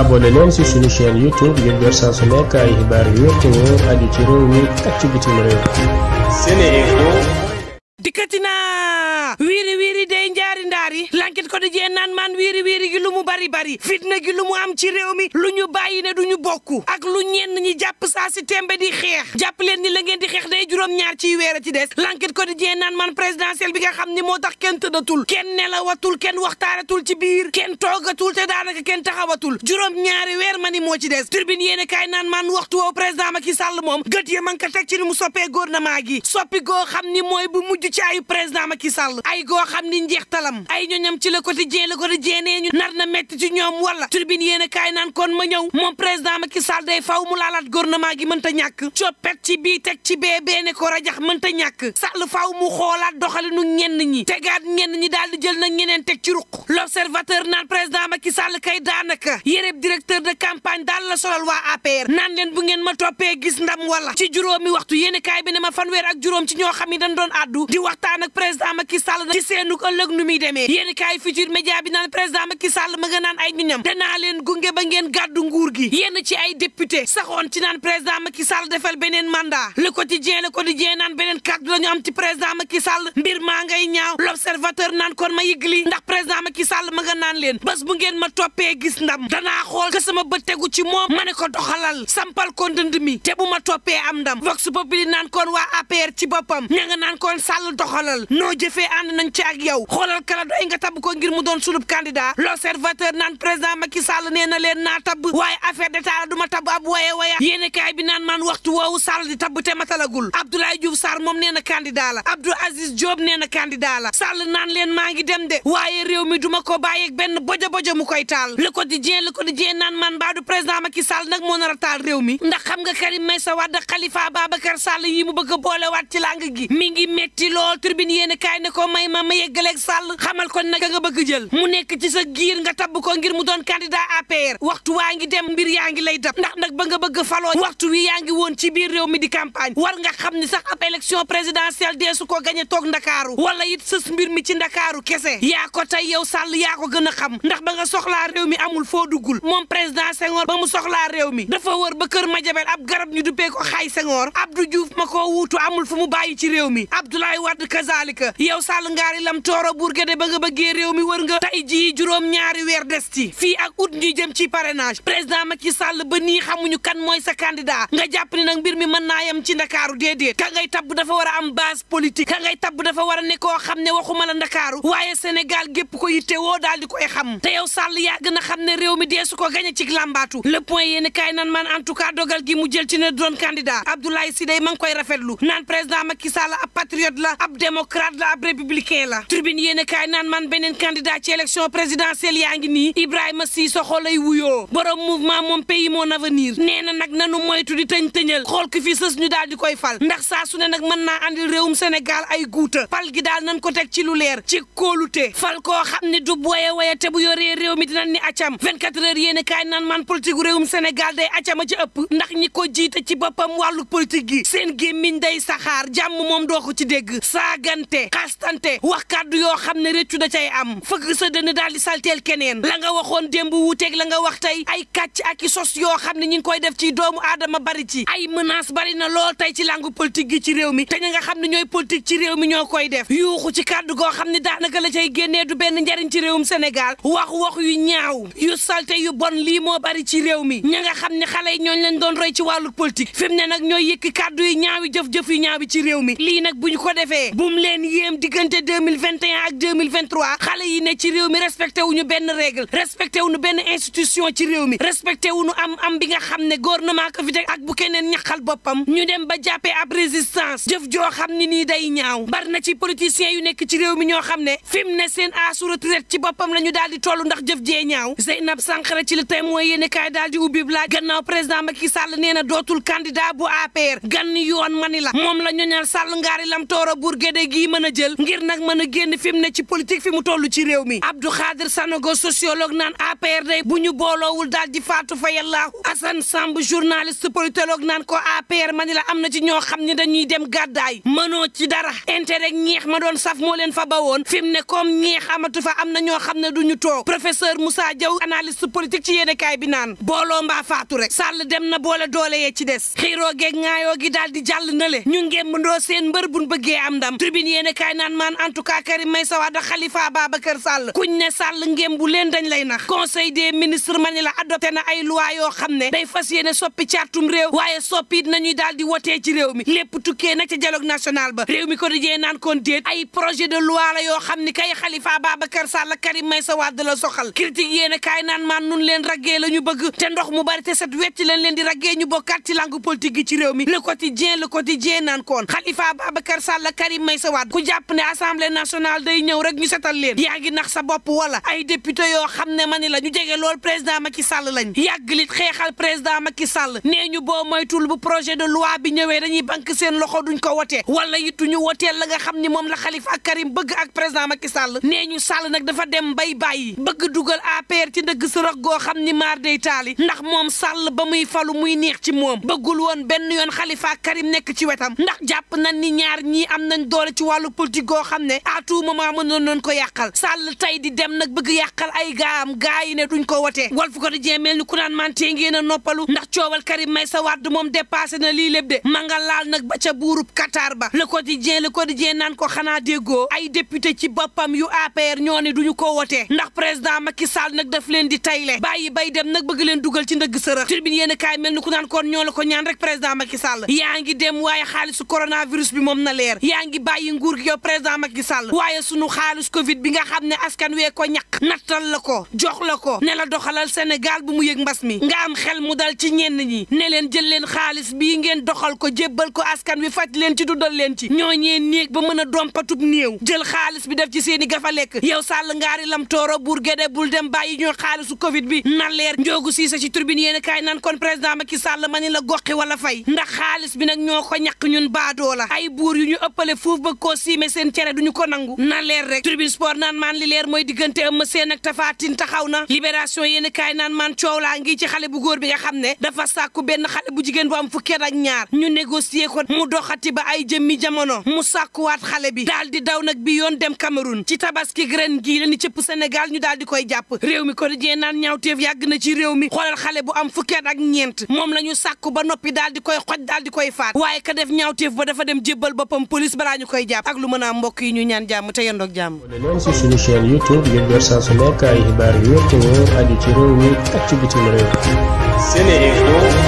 abonné leen ci suñu chaîne YouTube ngir jot saa su nekk ay xibaar yu wér te wóor réew mi ak ci bitim réew. Sénéinfo. dikkati naa. wiiri wiiri day naan maan wiiri wiiri gi lu mu bari bari fitna gi lu mu am ci réew mi lu ñu bàyyi ne du ñu bokk ak lu ñenn ñi jàpp saa si tembe di xeex jàpp leen ni la ngeen di xeex day juróom-ñaar ciy weer a ci des l'enquête quotidien naan maan présidentielle bi nga xam ni moo tax kenn tëddatul kenn nelawatul kenn waxtaanatul ci biir kenn toogatul te daanaka kenn taxawatul juróom-ñaari weer ma ni moo ci des tribune yéen kaay naan maan waxtu woo président Macky Sall moom gët ya ma nga teg ci mu soppee gouvernement gi soppi goo ni mooy bu mujj ci ayu président Macky Sall ay goo xam ni njeextalam ay ñoñam ci le quotidien quotidien le quotidien nee ñu nar na métti ci ñoom wala turbine yéen a kaay naan kon ma ñëw moom président Macky Sall day faw mu laalaat gouvernement gi mënta ñàkk coppet ci bii teg ci bee bee ne ko rajax mënta ñàkk Sall faw mu xoolaat doxalinu ñenn ñi tegaat ñenn ñi daal di jël nag ñeneen teg ci ruq l'observateur naan président Macky Sall kay daanaka yéréb directeur de campagne daal la solal waa APR naan leen bu ngeen ma toppee gis ndam wala ci juróomi waxtu yéen a kaay bi ne ma fanweer ak juróom ci ñoo xam ni dañ doon àddu di waxtaan ak président Macky Sall ci seenug ëllëg nu muy demee yéen a kaay média bi naan président Macky Sall ma nga naan ay ñoñam danaa leen gunge ba ngeen gàddu nguur gi yenn ci ay député saxoon ci naan président Macky Sall defal beneen mandat le quotidien le quotidien naan beneen kàddu la ñu am ci président Macky Sall mbir maa ngay ñaaw l'observateur naan kon ma yëgli ndax président Macky Sall ma nga naan leen bés bu ngeen ma toppee gis ndam danaa xool ka sama bët tegu ci moom ma ne ko doxalal sampal ko ndënd mi te bu ma toppee am ndam vox populi naan kon waa APR ci boppam ña nga naan kon Sall doxalal noo jëfee nañ ci ak yow xoolal doon sunub candidat l'observateur naan président Macky saal nee leen naa tabb waaye affaire d'état la du ma tabb ab waye waya yéeni kaay bi naan man waxtu woowu Sall di tabb te matalagul Abdoulaye Diouf Sarr moom nee na candidat la Abdou Aziz Diop nee na candidat la Sall naan leen maa ngi dem de waaye rew mi duma ko bàyyeeg benn bojo bojo mu koy taal Le Quotidien Le Quotidien naan man mbaa du président Macky saal nag moo nar a taal réew mi ndax xam nga Karim Meïssa Wade Khalifa Babacar Sall yi mu bëgg boolewaat ci làng gi mi ngi metti lool tribune yéen kaay ne ko may ma ma yeggaleeg Sall xamal ko bëgg jël jël mu nekk ci sa giir nga tabb ko ngir mu doon candidat APR waxtu waa ngi dem mbir yaa ngi lay dab ndax nag ba nga bëgg faloo waxtu wi yaa ngi woon ci biir réew mi di campagne war nga xam ni sax ab élection présidentielle dee su ko gañe toog ndakaaru wala it sës mbir mi ci ndakaaru kese yaa ko tey yaw sàll yaa ko gën a xam ndax ba nga soxlaa réew mi amul foo duggul moom président Senghor ba mu soxla réew mi dafa wër ba kër Madiabel ab garab ñu duppee ko xay Senghor Abdou Diouf ma koo wuutu amul mu bàyyi ci réew mi Abdoulaye Wade kazalika yow nga jii juróom-ñaari weer des ci fii ak août ñuy jëm ci parrainage président Macky Sall ba nii xamuñu kan mooy sa candidat nga jàpp ni nag mbir mi mën naa yem ci ndakaaru déedéet ka ngay tabb dafa war a am base politique ka ngay tabb dafa war a ne xam ne waxuma la ndakaaru waaye Sénégal gépp ko yitte woo daal di koy xam te yow Sall yaa gën a xam ne réew mi deesu ko gañe ci làmbaatu le point yéeni kaay nan man en tout dogal gi mu jël ci ne doon candidat Abdoulaye Sidey ma ngi koy rafetlu naan président Macky Sall ab patriote la ab démocrate la ab républicain la tribune naan man beneen candidat ci élection présidentielle yaa ngi nii Ibrahima Sissoko lay wuyoo borom mouvement moom pays mon avenir nee na nag nanu moytu di tëñ tëñal xool ki fi sës ñu daal di koy fal ndax saa su ne nag mën naa andil réewum Sénégal ay guuta fal gi daal nañ ko teg ci lu leer ci kóolute fal koo xam ne du boye waya te bu yore réew mi di dinañ ni acam 24 heures yéene kaay naan man politique u réewum Sénégal day acama ci ëpp ndax ñi ko jiite ci boppam wàllu politique gi seen gémmiñ day saxaar jàmm moom doo ko ci dégg saagante xastante wax kàddu yoo xam ne réccu da cay am fëgg dëgg sa dënn daal di salteel keneen la nga waxoon démb wuuteeg la nga wax tey ay kàcc ak i sos yoo xam ne ñi ngi koy def ci doomu aadama bari ci ay menace bari na lool tey ci langue politique gi ci réew mi te ña nga xam ne ñooy politique ci réew mi ñoo koy def yuuxu ci kàddu goo xam ne daanaka la cay génnee du benn njariñ ci réewum Sénégal wax wax yu ñaaw yu salte yu bon lii moo bari ci réew mi ña nga xam ne xale yi ñooñ leen doon roy ci wàllu politique fi mu ne nag ñooy yëkk kàddu ñaaw yi jëf-jëf yu ñaaw yi ci réew mi lii nag bu ñu ko defee bu mu leen yéem diggante 2021 ak 2023 xale yi ne ci réew mi respecté wuñu benn règle respecté wuñu benn institution ci réew mi respecté wuñu am am bi nga xam ne gouvernement ko fi teg ak bu keneen ñaxal boppam ñu dem ba jàppee ab résistance jëf joo xam ni nii day ñaaw bari na ci politiciens yu nekk ci réew mi ñoo xam ne fi mu ne seen aasu retraite ci boppam la ñu daal di toll ndax jëf jee ñaaw Zeynab Sankara ci le témoin yéen kaay daal di ubbi laaj gannaaw président Macky Sall nee na dootul candidat bu APR gan yoon mani la moom la ñoñal Sall ngaari lam tooro buur gédé gii mën a jël ngir nag mën a génn fi mu ci politique fi mu toll ci réew mi Abdou Khadir Sanogo sociologue naan APR day bu ñu booloowul daal di faatu fa yàllaahu Assane Samb journaliste politologue naan ko APR ma ni am na ci ñoo xam ne dañuy dem gàddaay mënoo ci dara intérêt ñeex ma doon saf moo leen fa bawoon fi mu ne comme ñeex amatu fa am na ñoo xam ne du ñu toog professeur Moussa Diaw analyste politique ci yéenekaay bi naan booloo mbaa faatu rek Sall dem na boole doole yee ci des xiiroo geeg ŋaayoo gi daal di jàll na le ñu doo seen mbër buñ bëggee am ndam tribune yéenekaay naan maan en tout cas Karim Meïssa Wade Khalifa Ababacar Sall kuñ ne Sall ngéem bu leen dañ lay nax conseil des ministres ma ni na ay loi yoo xam ne day fas yéene soppi cartum réew waaye soppi it nañuy daal di wotee ci réew mi lépp tukkee nag ca dialogue national ba réew mi ko dijee naan kon ay projet de loi la yoo xam ni kay Khalifa Babacar Sall Karim Meïssa Wade la soxal critique yéen a kaay naan mu bari te set wecc leen leen di raggee ñu bokkaat ci langue politique gi ci réew mi le quotidien le quotidien naan koon ku jàpp ne assemblée nationale day ñëw rek ñu setal leen yaa ngi nax sa bopp wala ay député yoo xam ne ma ni la ñu jege lool président Macky Sall lañ yàgg li xeexal président Macky Sall nee ñu boo moytul bu projet de loi bi ñëwee dañuy banque seen loxo duñ ko wotee wala yittu ñu la nga xam ni moom la Khalifa ak bëgg ak président Macky Sall nee ñu sàll nag dafa dem bay bàyyi bëgg dugal APR ci ndëgg sa goo xam ni maar day taali ndax moom Sall ba muy falu muy neex ci moom bëggul woon benn yoon xalifa ak Karim nekk ci wetam ndax jàpp nañ ni ñaar ñii am nañ doole ci wàllu politique goo xam ne à tout moment mënoon nañ ko yàqal jàll tey di dem nag bëgg yàqal ay gaam gaa yi ne duñ ko wote Walf Quotidien mel ni ku naan mantee ngeen a noppalu ndax coowal Karim Meïssa Wade moom dépassé na lii lépp de ma nga laal nag ba ca buurub Qatar ba Le Quotidien Le Quotidien naan ko xanaa déggoo ay député ci boppam yu APR ñoo ne duñu ko wote ndax président Macky sal nag def leen di tay le bàyyi bay dem nag bëgg leen dugal ci ndëgg sërëx tribune yéen a kaay mel ni ku naan kon ñoo la ko ñaan rek président Macky yaa ngi dem waaye xaalisu coronavirus bi moom na leer yaa ngi bàyyi nguur gi yow président Macky Sall waaye bi nga xam askan wee ko ñàkk nattal la ko jox la ko ne la doxalal Sénégal bu mu yëg mbas mi nga am xel mu dal ci ñenn ñi ne leen jël leen xaalis bii ngeen doxal ko jébbal ko askan wi faj leen ci dundal leen ci ñooñee néeg ba mën a dompatub néew jël xaalis bi def ci seeni gafa lekk yow sàll ngaari lam tooro buur gede bul dem bàyyi ñoo xaalisu covid bi na leer njoogu siisa ci tribune yéen kaay nan kon président Macky Sall ma ni la goxi wala fay ndax xaalis bi nag ñoo ko ñàkk ñun baadoo la ay buur yu ñu ëppale fuuf ba koo siime seen cere duñu ko nangu na leer rek tribune sport mooy diggante seen ak tafaatin taxaw na libération yéen kaay naan man coow laa ngi ci xale bu góor bi nga xam ne dafa sàkku benn xale bu jigéen bu am fukki at ak ñaar ñu négocier ko mu doxati ba ay jëmmi jamono mu sàkkuwaat xale bi daal di daw nag bi yoon dem Cameroun ci tabaski ren gii la ni cëpp senegal ñu daal di koy jàpp réew mi ko dajee naan ñaawteef yàgg na ci réew mi xoolal xale bu am fukki ak ñeent moom la ñu sàkku ba noppi daal di koy xoj daal di koy faat waaye ka def ñaawteef ba dafa dem jébbal boppam police balaa ñu koy jàpp lu mën a mbokk yi ñu ñaan jàmm te yendoog jàmm saa su nekk ay xibaar yu wér te wóor aju ci réew mi ak ci bitim réew.